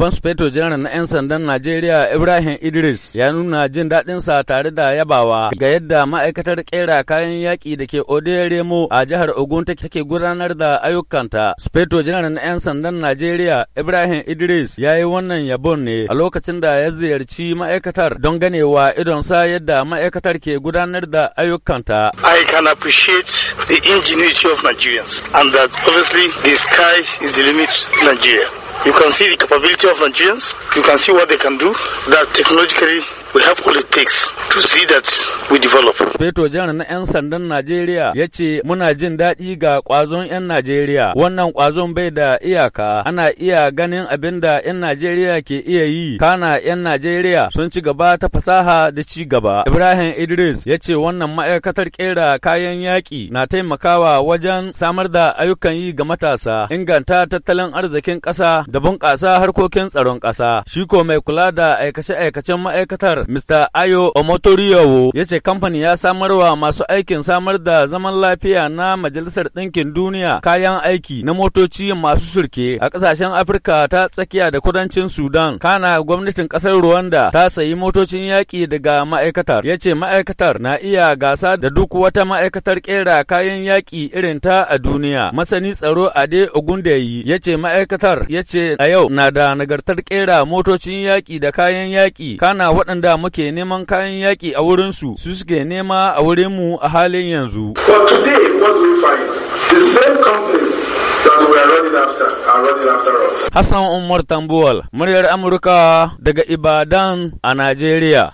Babban Sufeto Janar na 'yan sandan Najeriya Ibrahim Idris ya nuna jin daɗinsa tare da yabawa ga yadda ma'aikatar ƙera kayan yaƙi da ke Remo a jihar Ogun take gudanar da ayyukanta. Sufeto Janar na 'yan sandan Najeriya Ibrahim Idris ya yi wannan yabon ne a lokacin da ya ziyarci ma'aikatar don ganewa idon sa yadda ma'aikatar ke gudanar da ayyukanta. I can appreciate the ingenuity of Nigerians and that obviously the sky is the limit Nigeria. You can see the capability of Nigerians. You can see what they can do. That technologically we have all it takes to we develop. Feto jihar na 'yan sandan Najeriya ya ce muna jin daɗi ga ƙwazon 'yan Najeriya. Wannan ƙwazon bai da iyaka. Ana iya ganin abinda da 'yan Najeriya ke iya yi. Kana 'yan Najeriya sun ci gaba ta fasaha da ci gaba. Ibrahim Idris ya ce wannan ma'aikatar ƙera kayan yaƙi na taimakawa wajen samar da ayyukan yi ga matasa, inganta tattalin arzikin ƙasa da bunƙasa harkokin tsaron ƙasa. shiko mai kula da aikace-aikacen ma'aikatar Mr. Ayo Omoto Ostoriyawo ya ce kamfanin ya samar wa masu aikin samar da zaman lafiya na Majalisar Ɗinkin Duniya kayan aiki na motoci masu surke a ƙasashen Afirka ta tsakiya da kudancin Sudan. Kana gwamnatin ƙasar Rwanda ta sayi motocin yaƙi daga ma'aikatar. Ya ce ma'aikatar na iya gasa da duk wata ma'aikatar ƙera kayan yaƙi irin ta a duniya. Masani tsaro Ade Ogundeyi ya ce ma'aikatar ya ce a yau na da nagartar ƙera motocin yaƙi da kayan yaƙi. Kana waɗanda muke neman kayan yaƙi yaƙi a wurinsu su suke nema a wurinmu a halin yanzu. But today what we find the same companies Hassan Umar Tambuwal, muryar Amurka daga Ibadan a Najeriya.